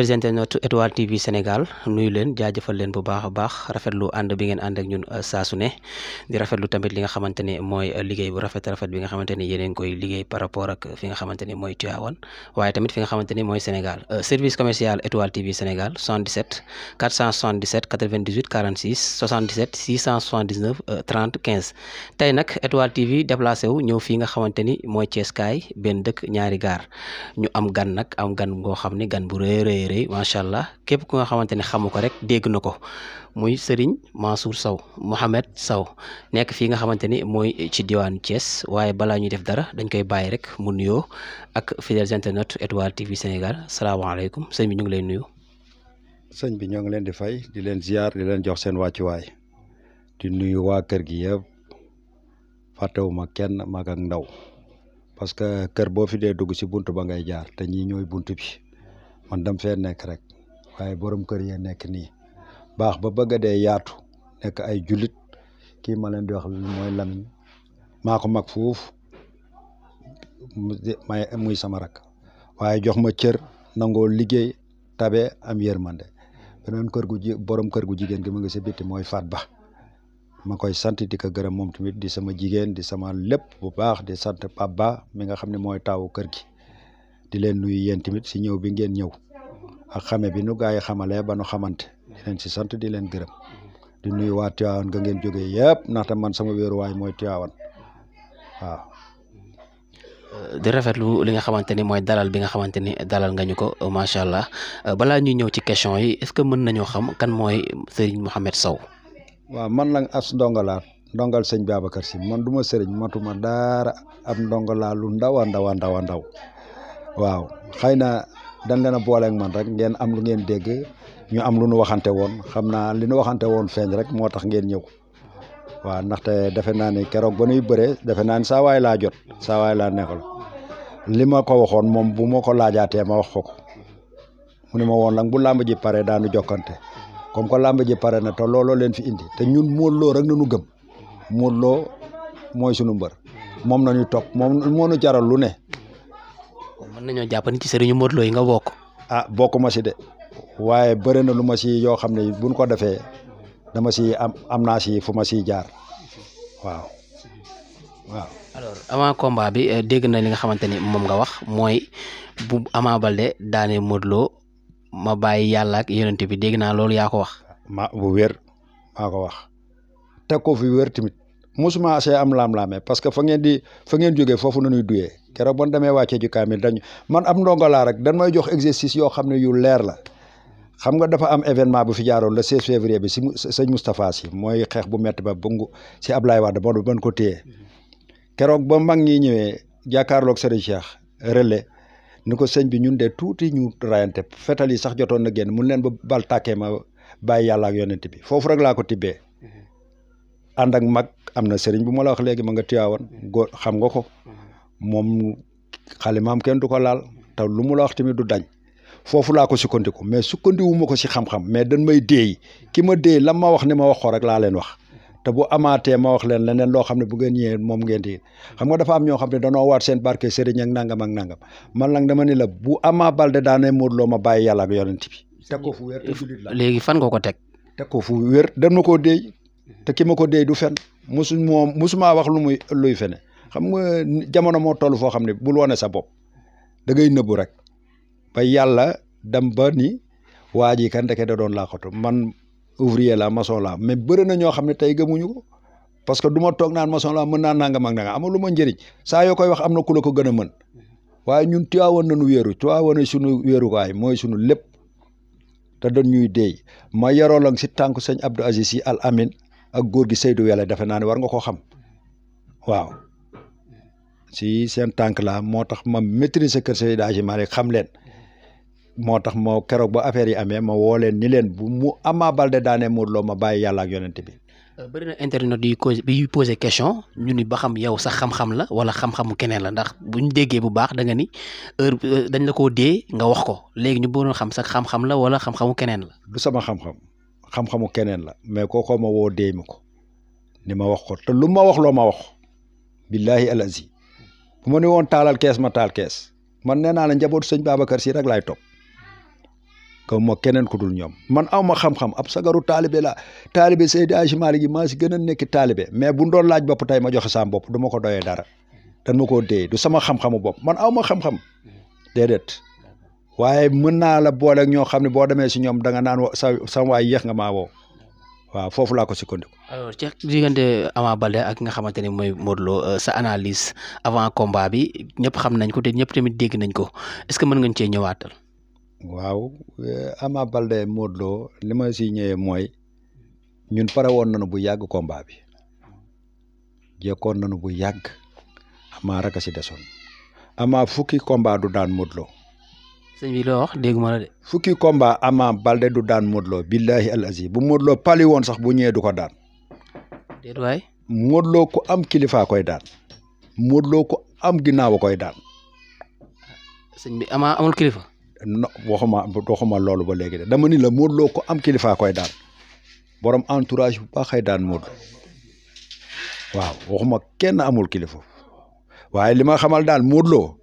fidèles internautes étoile tv sénégal nuyu leen jaajëfal leen bu baax a baax rafetlu ànd bi ngeen ànd ak ñun euh, saasu ne di rafetlu tamit li nga mooy euh, liggéey bu rafet rafet bi nga xamante a koy liggéey par rapport ak fi nga xamante ne mooy tamit fi nga mooy sénégal euh, service commercial étoile tv sénégal 77 477 98 46 étoile tv déplacé wu ñëw fii nga ni mooy Thiès kaay benn dëkk ñaari gaar ñu am gan nag am gan goo rëy macha allah képp ku nga xamante ne xamu ko rek dégg na ko muy Serigne Mansour Sow Mohamed saw nekk fii nga xamante ni mooy ci diwaanu Thiès waaye balaa ñuy def dara dañ koy bàyyi rek mu nuyoo ak fidèles internet Étoile TV Sénégal salaamaaleykum sëñ bi ñu ngi lay nuyu. sëñ bi ñoo ngi leen di fay di leen ziar di leen jox seen wàccuwaay di nuyu waa kër gi yëpp fàttewuma kenn mag ak ndaw parce que kër boo fi dee dugg si bunt ba ngay jaar te ñii ñooy bunt bi. man dam fee nekk rek waaye borom kër yee nekk nii baax ba bëgg a dee yaatu nekk ay julit kii ma leen di wax mooy Lamine maa ko mag foofu may muy sama rak waaye jox ma cër nangoo liggéey tabe am yërmande beneen kër gu ji borom kër gu jigéen gi ma nga si bitti mooy faat Ba ma koy sant di ko gërëm moom tamit di sama jigéen di sama lépp bu baax di sant Papa mi nga xam ne mooy taawu kër gi di leen nuyu yéen tamit si ñëw bi ngeen ñëw ak xame bi nu gaa yi xamalee ba nu xamante di leen si sant di leen gërëm di nuyu waa Tiwaawan nga ngeen jógee yëpp ndaxte man sama wéeruwaay mooy Tiwaawan waaw. di rafetlu li nga xamante ni mooy dalal bi nga xamante ni dalal nga ñu ko macha allah balaa ñuy ñëw ci question yi est-ce que mën nañoo xam kan mooy Serigne Mohamed Sow. waaw man la as ndongolaat ndongal sëñ Babacar Si man duma ma sëriñ matuma daara ab ndongolaa lu ndaw a waaw xëy na dañ leen a booleek man rek ngeen am lu ngeen dégg ñu am lu nu waxante woon xam naa li nu waxante woon feeñ rek moo tax ngeen ñëw waaw ndaxte defe naa ni keroog ba nuy bëree defe naa ni saa waay laa jot saa laa nekkal li ma ko waxoon moom bu ma ko laajaatee ma wax ko ko mu ne ma woon nag bu làmb ji pare daanu jokkante comme que làmb ji pare na te looloo leen fi indi te ñun Modou loo rek nañu gëm Modou loo mooy sunu mbër moom nañu topp moom moo jaral lu ne mën nañoo jàpp ni ci sëriñu Modou yi nga bokk. ah bokkuma si de waaye bëri na lu ma si yoo xam ne buñ ko defee dama si am am naa si fu ma si jaar waaw waaw. alors avant combat bi eh, dégg na li nga xamante ni moom nga wax mooy bu Ama Baldé daane Modou Lo ma bàyyi yàlla ak yonent bi dégg naa loolu yaa ko wax. ma bu wér maa wax teg ko fi wér tamit musuma see am laam-laame parce que fa ngeen di fa ngeen jógee foofu nañuy duyee keroog bon demee wàccee ji kaamil dañ man am ndongo laa rek dan may jox exercice yoo xam ne yu leer la xam nga dafa am événement bu fi jaaroon le 16 février bi si sëñ Moustapha si mooy xeex bu metti ba bungu si ab Ablaye Wade bon ban ko téye keroog ba mag ñi ñëwee jàkkaarloog Serigne Cheikh relais ni ko sëñ bi ñun de tuuti ñu rayante fetal yi sax jotoon na génn mun leen ba bal tàkkee ma bàyyi yàlla ak yonent bi foofu rek laa ko tibbee ànd ak mag am na sëriñ bu ma la wax léegi ma nga tuyaawoon góor xam nga ko moom xalimaam kenn du ko laal te lu mu la wax tamit du dañ foofu laa ko sukkandiku mais sukkandiwu ma ko si xam-xam mais dañ may déey ki ma déey lan ma wax ni ma wax ko rek laa leen wax te bu amaatee ma wax leen leneen loo xam ne bu ngeen ñëwee moom ngeen di xam nga dafa am ñoo xam ne danoo waat seen barke sëriñ ak nangam ak nangam man nag dama ni la bu Ama Baldé daanee Modou Lo ma bàyyi yàlla ak yonent bi teg ko fu wér te julit la léegi fan ko teg ko fu te ki ma ko dee du fen musu moom musumaa wax lu muy luy fene xam nga jamono moo toll foo xam ne bul wane sa bopp da ngay nëbbu rek ba yàlla dem ba ni waa ji kan ndeke da doon laaxatu man ouvrier la maçon la mais bëri na ñoo xam ne tey gëmuñu ko parce que duma ma toog naan maçon la mën naa nangam ak nangam amul lu ma njëriñ saa yoo koy wax am na ku ko gën a mën waaye ñun tuwaawoon nañu wéeru tuwaawoon suñu wéeruwaay mooy sunu lépp te doon ñuy deey ma yaroo si tànk sëñ Abdou Aziz ak góor gi Seydou Wele defe naa ne war nga koo xam waaw si seen tànk la moo tax ma maîtriser kër Seydi ma Malick xam leen moo tax moo keroog ba affaire yi amee ma woo leen ni leen bu mu Ama Baldé daanee Modou Lo ma bàyyi yàlla ak yonent bi. Euh, bëri na internet yu cause bi yuy question ñu ni ba xam yow sax xam-xam la wala xam-xamu keneen la ndax bu ñu déggee bu baax da ni heure euh, dañ la koo dee nga wax ko léegi ñu bëggoon xam sax xam la wala xam keneen la. du sama xam-xam. xam-xamu keneen la mais kookoo ma woo déemi ko ni ma wax ko te lu ma wax loo ma wax billahi alazi bu ma ne woon taalal kees ma taal kees man ne naa la njabootu sëñ Babacar si rek laay topp comme ma keneen ku dul ñoom man aw ma xam-xam ab sagaru taalibe la taalibe Seydi Hadji Malick gi maa si gën a nekk taalibe mais bu doon laaj bopp tey ma joxe saam bopp du ma ko doyee dara dan ma koo dee du sama xam-xamu bopp man aw ma xam-xam déedéet waaye mën naa la booleek ak ñoo xam ne boo demee si ñoom da nga naan sa sa waay yéex nga maa waaw foofu laa ko sukkandiku. alors ci diggante Ama Baldé ak nga xamante ne mooy Modou euh, sa analyse avant combat bi ñëpp xam nañ ko te ñëpp tamit dégg nañ ko est-ce que mën nga cee ñëwaatal. waaw euh, Ama Baldé Modou Lo ma si ñëwee mooy ñun pare woon nu bu yàgg combat bi jekkoon nañu bu yàgg Ama rek a si desoon Ama fukki combat du daan Modou sëñ bi loo wax fukki combat Ama Balde du daan Modou Lo billahi al aziz bu Modou Lo pali woon sax bu ñëwee du ko daan. déet waay. ku am kilifa koy daan. Modou Lo ku am ginnaaw koy daan. sëñ bi Ama amul kilifa. non waxuma loolu ba léegi de dama ni la Modou Lo ku am kilifa koy daan borom entourage bu baaxay daan Modou Lo waaw waxuma kenn amul kilifa waaye li ma xamal daal Modou Lo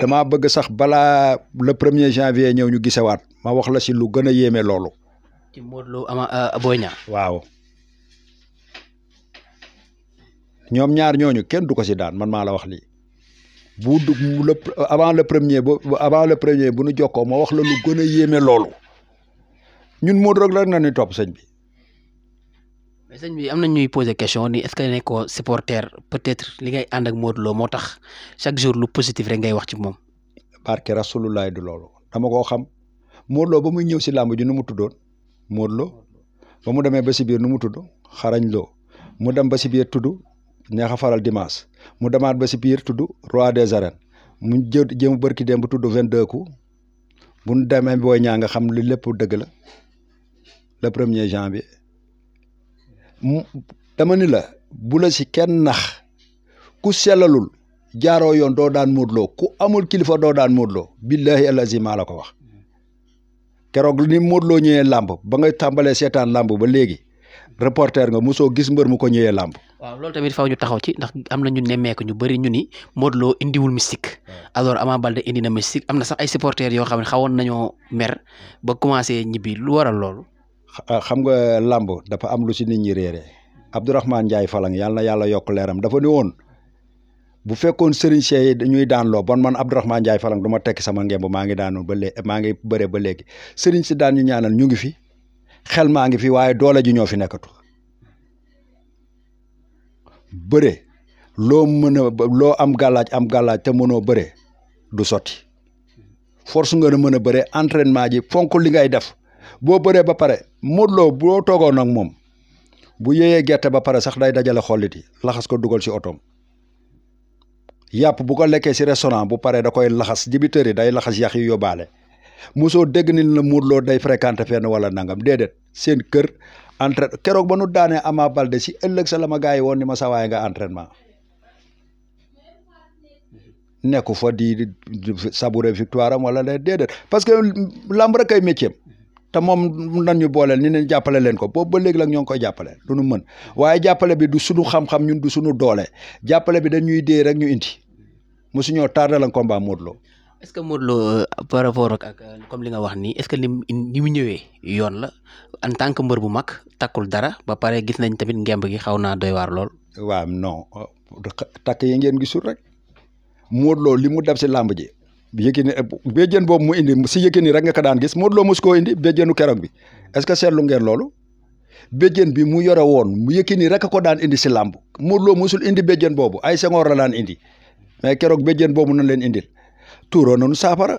damaa bëgg sax balaa le premier janvier ñëw ñu gisewaat ma wax la si lu gën a yéeme loolu. ci Modou Lo ama euh, waaw ñoom ñaar ñooñu kenn du ko si daan man maa la wax lii bu du avant le premier ba avant le premier bu nu jokkoo ma wax la lu gën a yéeme loolu ñun Modou rek la na ni topp sëñ bi. mais sëñ bi am na ñuy poser question ni est-ce que supporter peut-être li ngay ànd ak Modou Lo moo tax chaque jour lu positif rek ngay wax ci moom. barke Rasulullah du loolu dama koo xam Modou ba muy ñëw si làmb ju nu mu tuddoon Modou ba mu demee ba si biir nu mu tudd xarañ loo mu dem ba si biir tudd ñaxa faral dimanche mu demaat ba si biir tudd roi des arènes mu jë jéem bërki dem bu tudd 22 ku bu nu demee booy ñaa nga xam li lépp dëgg la le premier janvier. dama ni la bula si kenn nax ku selalul jaaroo yoon doo daan móodloo ku amul kilifa doo daan móodloo billahi alazi maa la ko wax keroog ni móodloo ñëwee làmb ba nga tàmbalee seetaan làmb ba léegi reporter nga soo gis mbër mu ko ñëwee làmb waaw loolu tamit faw ñu taxaw ci ndax am na ñu nemmeeku ñu bëri ñu ni Modou indiwul mystique alors Ama Baldé indi na mystique am na sax ay supporters yoo xam ne xawoon nañoo mer ba commencé ñibbi lu waral loolu xam nga làmb dafa am lu si nit ñi réere Abdourahmane Ndiaye Falang yàlla na yàlla yokk leeram dafa ne woon bu fekkoon Serigne Seye dañuy daan loo bon man Abdourahmane Ndiaye Falang du ma tekki sama ngemb maa ngi daanoon ba léegi maa ngi bëre ba léegi Serigne si daan ñu ñaanal ñu ngi fi xel maa ngi fi waaye doole ji ñoo fi nekkatu bëre loo mën a loo am gàllaaj am gàllaaj te mënoo bëre du sotti force nga a mën a bëre entraînement ji fonk li ngay def boo bëree ba pare Modou boo toogoon ak moom bu yéyee gerte ba pare sax day dajale xollit laxas ko dugal si otoom yàpp bu ko lekkee si restaurant bu paree da koy laxas dibiteurs yi day laxas yax yi yóbbaale mosoo dégg ni la Modou Lo day fréquenté fenn wala nangam déedéet seen kër entraîne keroog ba nu daanee Ama Baldé ci ëllëg sa la ma gars yi woon ni ma sa waaye nga entraînement nekku fa di sabouré victoire am wala déedéet parce que lamb rek kay métier te moom nan ñu booleel ni leen jàppale leen ko boobu ba léegi nag ñoo ngi koy jàppale lu nu mën waaye jàppale bi du suñu xam-xam ñun du suñu doole jàppale bi dañuy dee rek ñu indi mosu ñoo tardé la combat Modou Lo. est-ce que Modou Lo euh, par rapport ak comme li nga wax nii est que ni ni mu ñëwee yoon la en tant que mbër bu mag takkul dara ba pare gis nañ tamit ngemb gi xaw naa doy waar lool. waaw non takk yi ngeen gisul rek Modou li mu def si làmb ji. Yékini béjjën boobu mu indi si Yékini rek nga ka daan gis Modou Lo mos koo indi béjjënu keroog bi est-ce que seetlu ngeen loolu béjjën bi mu yore woon mu Yékini rek ko daan indi si làmb Modou Lo mosul indi béjjën boobu ay Senghor la daan indi mais keroog béjjën boobu nan leen indil tuuroo nañu saafara.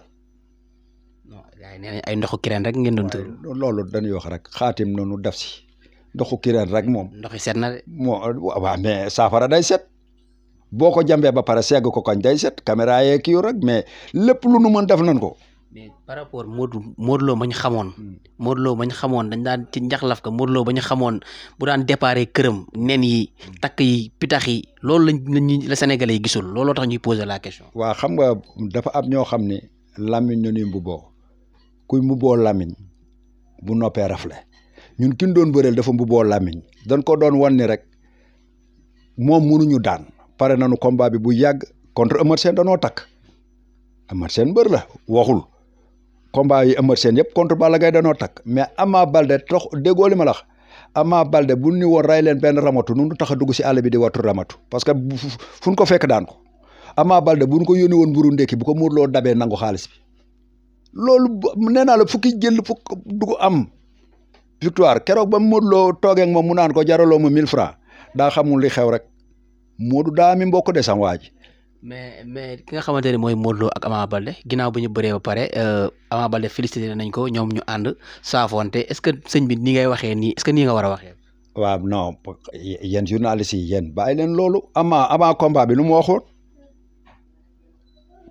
ay ndoxu kireen rek ngeen doon tuur. wax rek xaatim noonu def si ndoxu kireen rek moom. ndoxi set na de. moo waaw mais saafara day set. boo ko jambee ba pare segg ko kañ day set caméra yee kii rek mais lépp lu nu mën def nañ ko. mais par rapport Modou Modou mañ xamoon. Hmm. Modou Lo ma xamoon dañ daan ci njaxlaf ka Modou Lo ba xamoon bu daan déparé këram nen yi hmm. takk yi pitax yi loolu lañ la Sénégalais yi gisul looloo tax ñuy poser la question. waaw xam nga dafa am ñoo xam ni làmmiñ ñu ni mbubboo kuy mbubboo làmmiñ bu noppee rafle ñun kin doon bëreel dafa mbubboo làmmiñ dañ ko doon wan ni rek moom mënuñu daan. pare nañu combat bi bu yàgg contre Eumeu Sène danoo takk Eumeu Sène mbër la waxul combat yi Eumeu Sène yëpp contre Balla Gaye danoo takk mais Ama Balde tox déggoo ma la wax Ama Balde bu ñu woon leen benn ramatu nu tax a dugg si àll bi di wattu ramatu parce que fu ñu ko fekk daan ko Ama Balde bu ko yónni woon mburu ndékki bu ko muurloo dabee nangu xaalis bi loolu nee naa la fukki jël fukk du ko am victoire keroog ba muurloo toogee ak moom mu naan ko jaraloo ma 1000 francs daa xamul li xew rek. Modou daa mi mbokk de sama waa mais mais ki nga xamante ne mooy Modou Lo ak Ama Balde ginnaaw bi ñu bëree ba pare euh, Ama Balde félicité nañ ko ñoom ñu ànd saafonte est-ce que sëñ bi ni ngay waxee nii est-ce que nii nga war a waxee. waaw no yéen journaliste yi yéen bàyyi leen loolu ama avant combat bi lu mu waxoon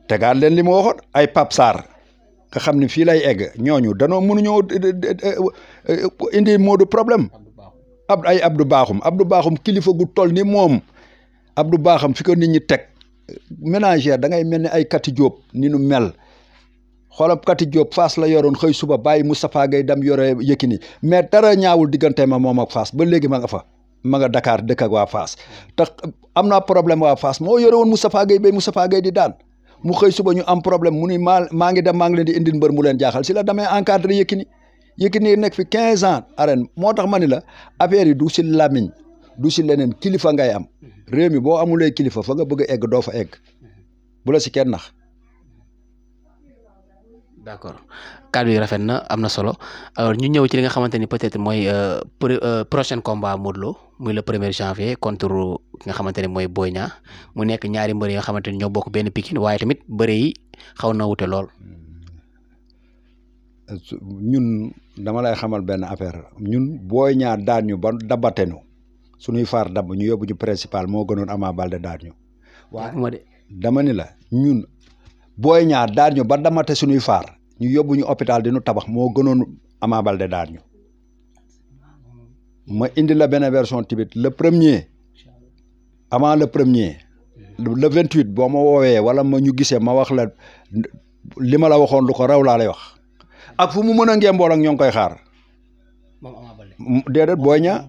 tegaat leen li mu waxoon ay Pape Sarr nga xam ni fii lay egg ñooñu danoo mënuñoo euh, euh, indi Modou problème. ab ay Abdou Bakhoum Abdou baaxum kilifa gu toll ni moom. Abdou Bakhoum fi ko nit ñi teg ménagère da ngay ni ay kati jóob ni nu mel xoolal kati jóob Fass la yoroon xëy suba bàyyi Moustapha Gueye dem yore Yékini mais dara ñaawul diggante ma moom ak Fass ba léegi ma nga fa ma dakaar Dakar dëkk ak waa Fass te am naa problème waa Fass moo yore woon Moustapha Gueye bay Moustapha Gueye di daan mu xëy suba ñu am problème mu ni maa maa ngi dem maa ngi leen di indil mbër mu leen jaaxal si la damay encadré Yékini Yékini nekk fi 15 ans arène moo tax ma ni la affaire yi du si du si leneen kilifa ngay am réew mi boo amulee kilifa fa nga bëgg egg doo fa egg bu la si kenn nax. d'accord kàddu yi rafet na am na solo alors ñu ñëw ci li nga xamante ni peut-être mooy euh, euh, prochain combat Modou Lo muy le premier janvier contre ki nga xamante ne mooy booy Niang mu nekk ñaari mbër yoo xamante ni ñoo bokk benn Pikine waaye tamit bëre xaw na wute lool. ñun dama lay xamal benn affaire ñun Boy ñaar daal ñu ba dabatenu suñuy faar damm ñu yóbbu ñu principal moo gënoon Ama Baldé daan ñu. waaw dama ni la ñun booy ñaar daan ñu ba damate suñuy faar ñu yóbbu ñu hôpital dinu tabax moo gënoon Ama Baldé daan ñu. ma indi la benn version tibit le premier avant le premier le vingt huit boo ma woowee wala ma ñu gisee ma wax la li ma la waxoon lu ko raw laa lay wax ak fu mu mën a ngémbool ak ñoo ngi koy xaar. déedéet Boy Niang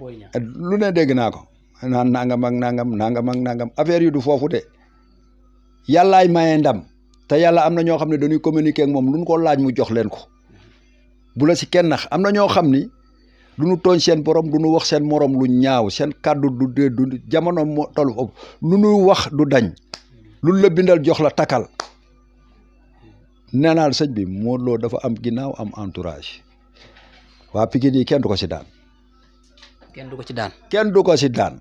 lu ne dégg naa ko naan nangam ak nangam nangam ak nangam affaire yi du foofu de yàllaay maye ndam te yàlla am na ñoo xam ne dañuy communiquer moom lu ñu ko laaj mu jox leen ko bu si kenn nax am na ñoo xam ni du ñu tooñ seen borom du ñu wax seen moroom lu ñaaw seen kàddu du dee du jamono moo toll foofu lu ñuy wax du dañ lu la bindal jox la takkal nee naa sëñ bi Modou Lo dafa am ginnaaw am entourage waa Pikine yi kenn du ko si daan. kenn du ko ci daan. kenn du ko ci daan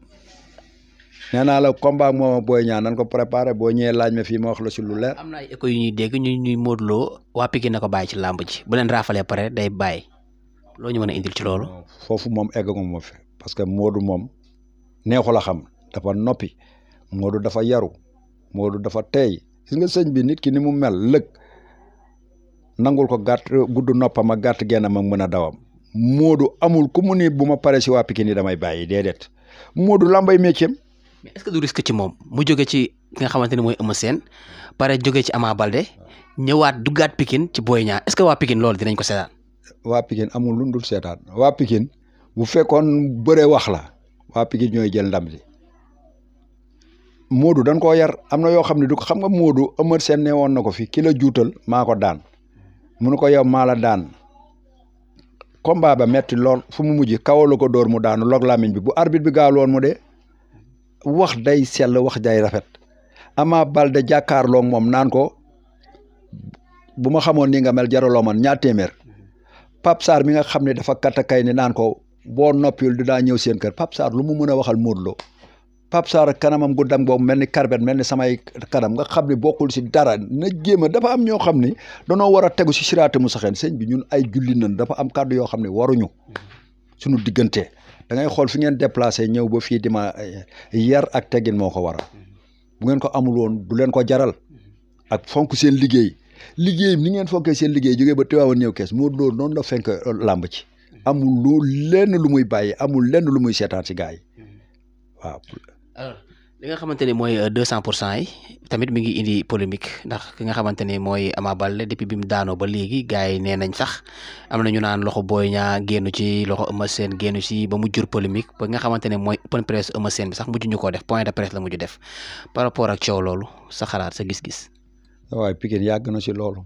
nee naa la combat moom booy ñaan nan ko préparé boo ñëwee laaj ma fii ma wax la si lu leer. am na ay écho yu ñuy dégg ñu ñuy móodloo waa Pikine ko bàyyi ci làmb ji bu leen raafalee day bàyyi loo ñu mën a indil ci loolu. foofu moom eggagum ma fi parce que Modou moom neexul a xam dafa noppi Modou dafa yaru Modou dafa teey gis nga sëñ bi nit ki ni mu mel lëg nangul ko gàtt gudd noppam ma gàtt genn am ak mën a dawam. Modou amul ku mu ni bu ma paree si waa Pikine yi damay bàyyi déedéet Modou lambay métier mais est-ce que du risque ci moom mu jóge ci ki nga xamante ne mooy Eumeu Sène pare jóge ci Ama Baldé ñëwaat duggaat Pikine ci Boy Niang est-ce que waa Pikine loolu dinañ ko seetaan. waa Pikine amul lu mu dul seetaan waa bu fekkoon bëre wax la waa Pikine ñooy jël ndam li Modou dañ koo yar am na yoo xam ne du xam nga Modou Eumeu Sène ne woon na ko fi ki juutal maako daan mu ne ko yow maala daan combat ba metti loon fu mu mujj kawoo ko dóor mu daanu log làmmiñ bi bu arbitre bi gaaloon mu de wax day sell wax day rafet Ama Baldé jàkkaarloo moom naan ko bu ma xamoon ni nga mel jaraloo man ñaar téeméer Pape Sarr mi nga xam ne dafa kay ni naan ko boo noppiwul dinaa ñëw seen kër Pape Sarr lu mu mën a waxal Modou Lo Pape Sarr kanamam gu dang boobu mel ni karbet mel ni samay kanam nga xam ni bokkul si dara na jéem dafa am ñoo xam ni danoo war a tegu si siraat mu saxeen sëñ bi ñun ay julli nan dafa am kàddu yoo xam ne ñu sunu diggante dangay ngay xool fi ngeen déplacé ñëw ba fii di ma eh, yar ak teggin moo ko wara bu ngeen ko amul woon du leen ko jaral ak fonk seen liggéey liggéey ni ngeen fonkee seen liggéey jógee ba Tiwaawan ñëw kees moo loolu noonu na fenk eh, làmb ci amul lu lenn lu muy bàyyi amul lenn lu muy seetaan si gars yi alors li nga xamante ne mooy euh, deux cent pour cent yi tamit mi ngi indi polémique ndax ki nga xamante ne mooy Ama Baldé depuis bi mu daanoo ba léegi gars yi nee nañ sax am na ñu naan loxo booy ñaa génnu ci loxo Eumeu Sène génnu ci ba mu jur polémique ba nga xamante ne mooy open presse Eumeu sax mujj ñu koo def point de presse la mujj def par rapport ak coow loolu sa xalaat sa gis-gis. waaye Pikine yàgg na ci loolu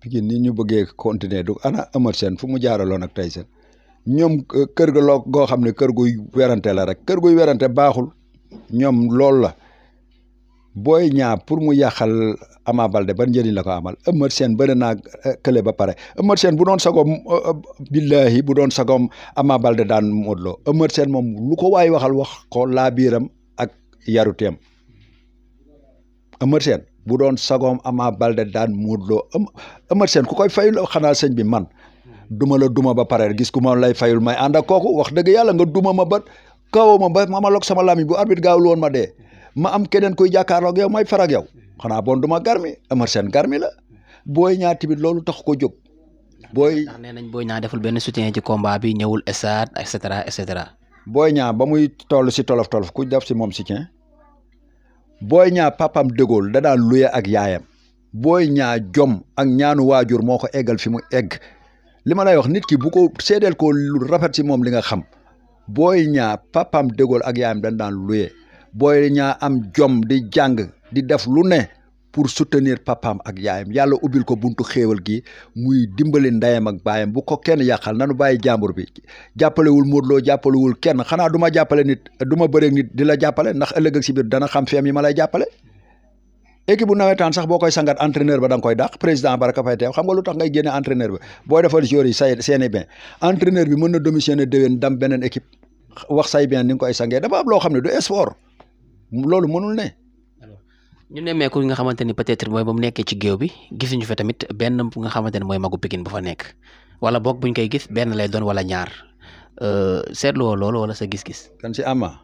Pikine ni ñu bëggee continuer du ana Eumeu Sène fu mu jaaraloon ak Tyson. ñoom euh, kër ga loo goo xam ne kër guy werante la rek kër guy werante baaxul ñoom loolu la booy ñaar pour mu yàqal Ama Baldé ban njëriñ la ko amal Eumeu seen bëri naa euh, kële ba pare Eumeu bu doon sagom euh, billahi bu doon sagom Ama Baldé daan Modou Lo moom lu waay waxal wax ko laa biiram ak yaruteem Eumeu bu doon sagoom Ama Baldé daan Modou Lo Eumeu ku koy fay loo xanaa sëñ bi man duma la duma ba pare gis ku ma lay fayul may ànd ak kooku wax dëgg yàlla nga duma ma ba kawoo ma ba ma ma loog sama lamiñ bu arbitre ma dee ma am keneen kuy jàkkaarloog yow may farak yow xanaa bon duma garmi Eumeu Sène garmi la booy ñaar tamit loolu tax ko jog booy nee nañ booy ñaar deful benn soutien ci combat bi ñëwul stade et cetera et cetera. booy ñaar ba muy toll si tolof tolof ku def si moom soutien booy ñaar papam dëggool da daan luye ak yaayam booy ñaar jom ak ñaanu waajur moo ko eggal fi mu egg li ma lay wax nit ki bu ko seedeel ko lu rafet ci moom li nga xam booy ñaa papam dégool ak yaayam dañ daan luye booy ñaa am jom di jàng di def lu ne pour soutenir papam ak yaayam yàlla ubbil ko buntu xéewal gi muy dimbali ndeyam ak baayam bu kenn yàqal nanu bàyyi jàmbur bi jàppalewul móodloo jàppalewul kenn xanaa duma ma jàppale nit duma ma nit di la jàppale ndax ëllëg ak si dana xam feem yi ma lay jàppale équipe bu nawetaan sax boo koy sangat entraîneur ba da koy dàq président Baraka Faye teew xam nga lu tax ngay génne entraîneur ba booy defal joueurs yi say seeni bien entraîneur bi mën na démissionner déwén dam beneen équipe wax say bien ni nga koy sangee dafa am loo xam ne du sport loolu mënul ne. ñu nemmeeku nga xamante ni peut-être mooy ba mu nekkee ci géew bi gisuñu fa tamit benn nga xamante ne mooy magu Pikine bu fa nekk wala boog buñ koy gis benn lay doon wala ñaar euh, seetlu woo loolu wala sa gis-gis. kan si ama.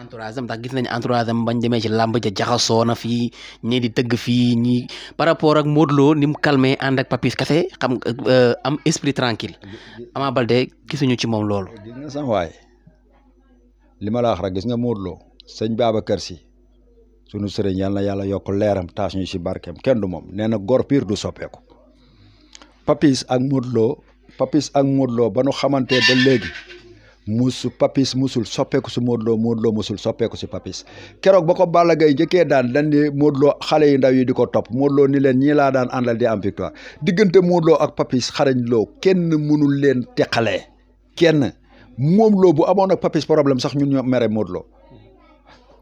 entourage am ndax gis nañ entourage am bañ demee ci làmb ja jaxasoo na fii ñii di tëgg fii ñii par rapport ak Modou Lo ni mu calmé ànd ak Papis Kassé xam euh, am esprit tranquille Ama Baldé gisuñu ci moom loolu. gis nga sax li ma la wax rek gis nga Modou Lo sëñ Babacar si sunu sëriñ yal na yàlla yokk leeram taas ñu si barkeem kenn du moom nee na gor pire du soppeeku Papis ak Modou loo Papis ak Modou Lo ba nu xamante ba léegi. musu papis musul soppeeku si Modou Lo Modou musul soppeeku si papis keroog ba ko Balla Gaye njëkkee daan dañ ne Modou xale yu ndaw yi di ko topp Modou ni leen ñii laa daan àndal di am victoire diggante Modou ak papis xarañ loo kenn mënul leen teqalee kenn moom loo bu amoon ak papis problème sax ñun ñoo mere Modou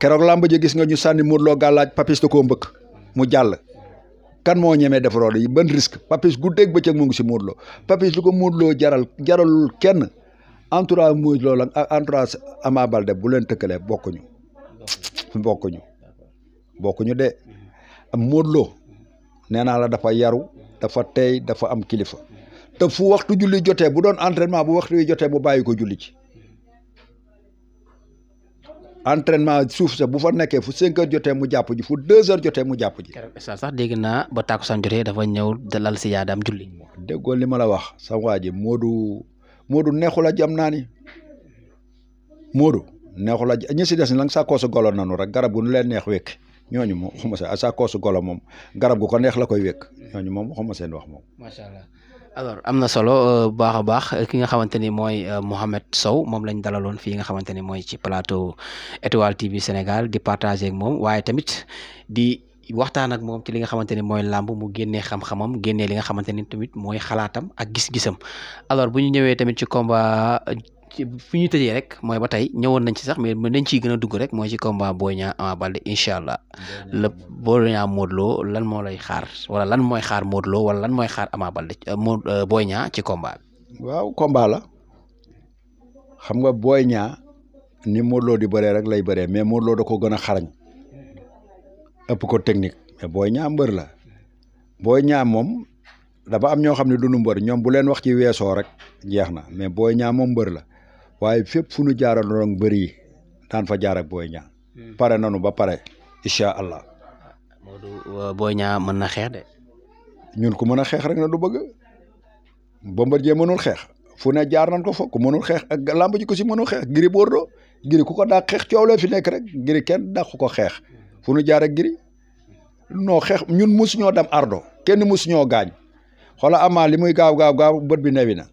keroog keroog ba ji gis nga ñu sànni Modou Lo papis da koo mbëk mu jàll kan moo ñemee def rool yi ban risque papis guddeeg bëccëg mu ngi si Modou Lo papis ko Modou jaral jaralul kenn entourage Modou Lô loolu ak entourage Ama Baldé bu leen tëkkalee bokkuñu bokkuñu bokkuñu de Modou Lô nee naa la dafa yaru dafa tey dafa am kilifa te fu waxtu julli jotee bu doon entraînement bu waxtu wi jotee mu bàyyi ko julli ci suuf se bu fa nekkee fu cinq heures jotee mu jàpp ji fu deux heures jotee mu jàpp ji. sax dégg naa ba tàkkusaan jotee dafa ñëw dalal si yaadaam julli. déggoo li ma la wax sa waa ji Moodu neexul a jam naa ni Moodu neexul a ñi si des ni la nga golo nanu rek garab gu nu leen neex wékk ñooñu moom waxuma seen sàkkoo sa golo moom garab ko neex la koy wékk ñooñu moom waxuma seen wax moom. macha allah alors am na solo euh, baax a baax ki nga xamante ni mooy euh, Mouhamed Sow moom lañ dalaloon fii nga xamante ni mooy ci plateau Étoile TV Sénégal di partager moom waaye tamit di. waxtaan ak moom ci li nga xamante ne mooy làmb mu génnee xam-xamam génnee li nga xamante ne tamit mooy xalaatam ak gis-gisam alors bu ñu ñëwee tamit ci combat fu ñu tëjee rek mooy ba tey ñëwoon nañ ci sax mais dañ ciy gën a dugg rek mooy ci komba Boy Niang Ama Baldé incha allah le Boy Niang lan moo lay xaar wala lan mooy xaar Modou wala lan mooy xaar Ama Baldé euh, moo euh, Boy ci combat waaw combat la xam nga Boy ña ni Modou Lo di bëree rek lay bëree mais Modou da ko gën a xarañ. ëpp ko technique mais booy ñaa mbër la booy ñaa moom dafa am ñoo xam ne du nu mbër ñoom bu leen wax ci weesoo rek jeex na mais booy ñaa moom mbër la waaye fépp fu nu jaaraloon bëri yi daan fa jaar booy ñaa. Hmm. pare nanu ba pare incha allah. Modou euh, booy ñaa mën na xeex de. ñun ku mën a xeex rek na du bëgg Bombardier mënul xeex fu ne jaar nañ ko fa ku mënul xeex ak làmb ji ko si mënul xeex Gris Bordeaux Gris ku ko daax xeex coow la fi nekk rek Gris kenn dàqu ko xeex. fu nu jaar ak giri noo xeex ñun mus ñoo dem ardo kenn mus ñoo gaañ xoola amaa li muy gaaw gaaw gaaw bët bi newi na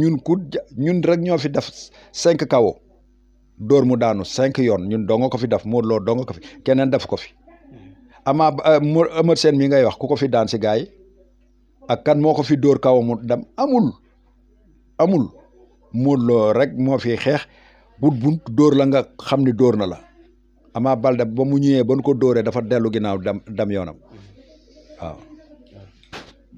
ñun ku ñun rek ñoo fi def cinq kawo dóor mu daanu cinq yoon ñun donga ko fi def Modou Lo donga ko ko fi ama euh, Eumeu mi ngay wax ku ko fi daan si gaay ak kan moo ko fi dóor kawo mu dem amul amul Modou Lo moo fi xeex but bunt dóor la nga xam ni dóor na la Ama balda ba mu ñëwee ba nu ko dooree dafa dellu ginnaaw dem dem yoonam mm-hmm. waaw.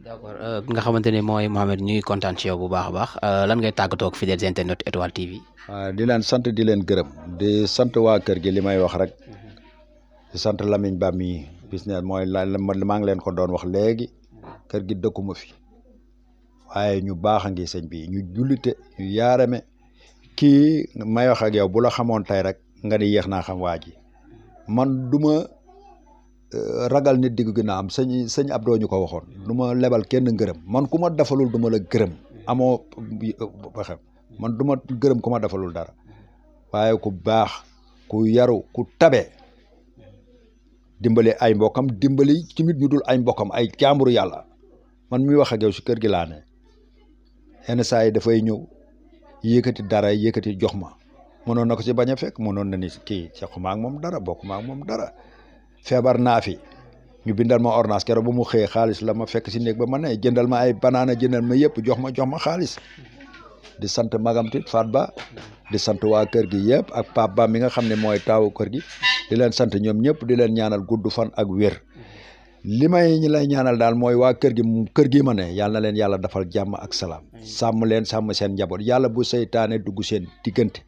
d'accord euh, nga xamante ni mooy Mohamed ñuy kontaan ci yow bu baax a baax euh, lan ngay tàggatoo ak fidèles internet Étoile TV. Ah, di leen sant di leen gërëm di sant waa kër gi li may wax rek mm-hmm. sant Lamine Ba mi bis ne mooy la maa ngi leen ko doon wax léegi kër gi dëkkuma fi waaye ñu baax a ngi sëñ bi ñu jullite ñu yaarame kii may wax bu la xamoon tey rek nga di yéex naa xam waa ji man du ma euh, ragal nit diggu ginnaawam sëñ sëñ Abdou ñu ko waxoon du ma lebal kenn ngërëm man ku ma defalul du la gërëm amoo euh, waxe man duma gërëm ku ma defalul dara waaye ku baax ku yaru ku tabe dimbali ay mbokkam dimbali tamit ñu dul ay mbokkam ay jaamburu yàlla man mi wax ak yow si kër gi laa ne yenn saa yi dafay ñëw yëkkati dara yëkkati jox ma mënoon na ko ci bañ a fekk mënoon na ni kii sequma ak moom dara bokkuma ak moom dara feebar naa fi ñu bindal ma ordonnance keroog ba mu xëyee xaalis la ma fekk si néeg ba ma ne jëndal ma ay banaana jëndal ma yëpp jox ma jox ma xaalis di sant magam tit Faat Ba di sant waa kër gi yëpp ak Pape Ba mi nga xam ne mooy taawu kër gi di leen sant ñoom ñëpp di leen ñaanal gudd fan ak wér li may ñi lay ñaanal daal mooy waa kër gi kër gi ma ne yàlla na leen yàlla dafal jàmm ak salaam sàmm leen sàmm seen njaboot yàlla bu seytaane dugg seen diggante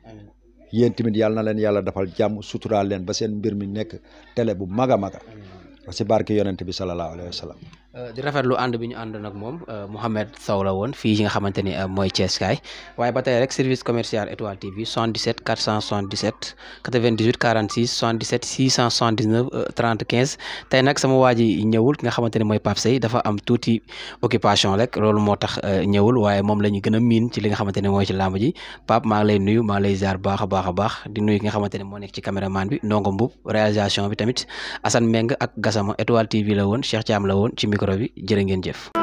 yéen tamit yàlla na leen yàlla dafal jàmm suturaal leen ba seen mbir mi nekk télé bu mag a mag si barke yonent bi sallallahu alayhi wa Euh, di rafetlu ànd bi ñu àndoon ak moom euh, Mouhamed Sow la woon fii yi nga xamante ni euh, mooy Thiès kaay waaye ba tey rek service commercial Étoile TV 77 477 98 46 77 679 30 15 tey nag sama waa ji ñëwul ki nga xamante ni mooy Pape Seye dafa am tuuti occupation rek loolu moo tax ñëwul waaye moom la ñu gën a miin ci li nga xamante ne mooy ci làmb ji Pape maa ngi lay nuyu maa lay ziar baax a baax a baax di nuyu ki nga xamante ne moo nekk ci caméraman bi ndongo mbub réalisation bi tamit Assane Meng ak Gassama Étoile TV woon Cheikh Thiam micro bi jërë ngeen jëf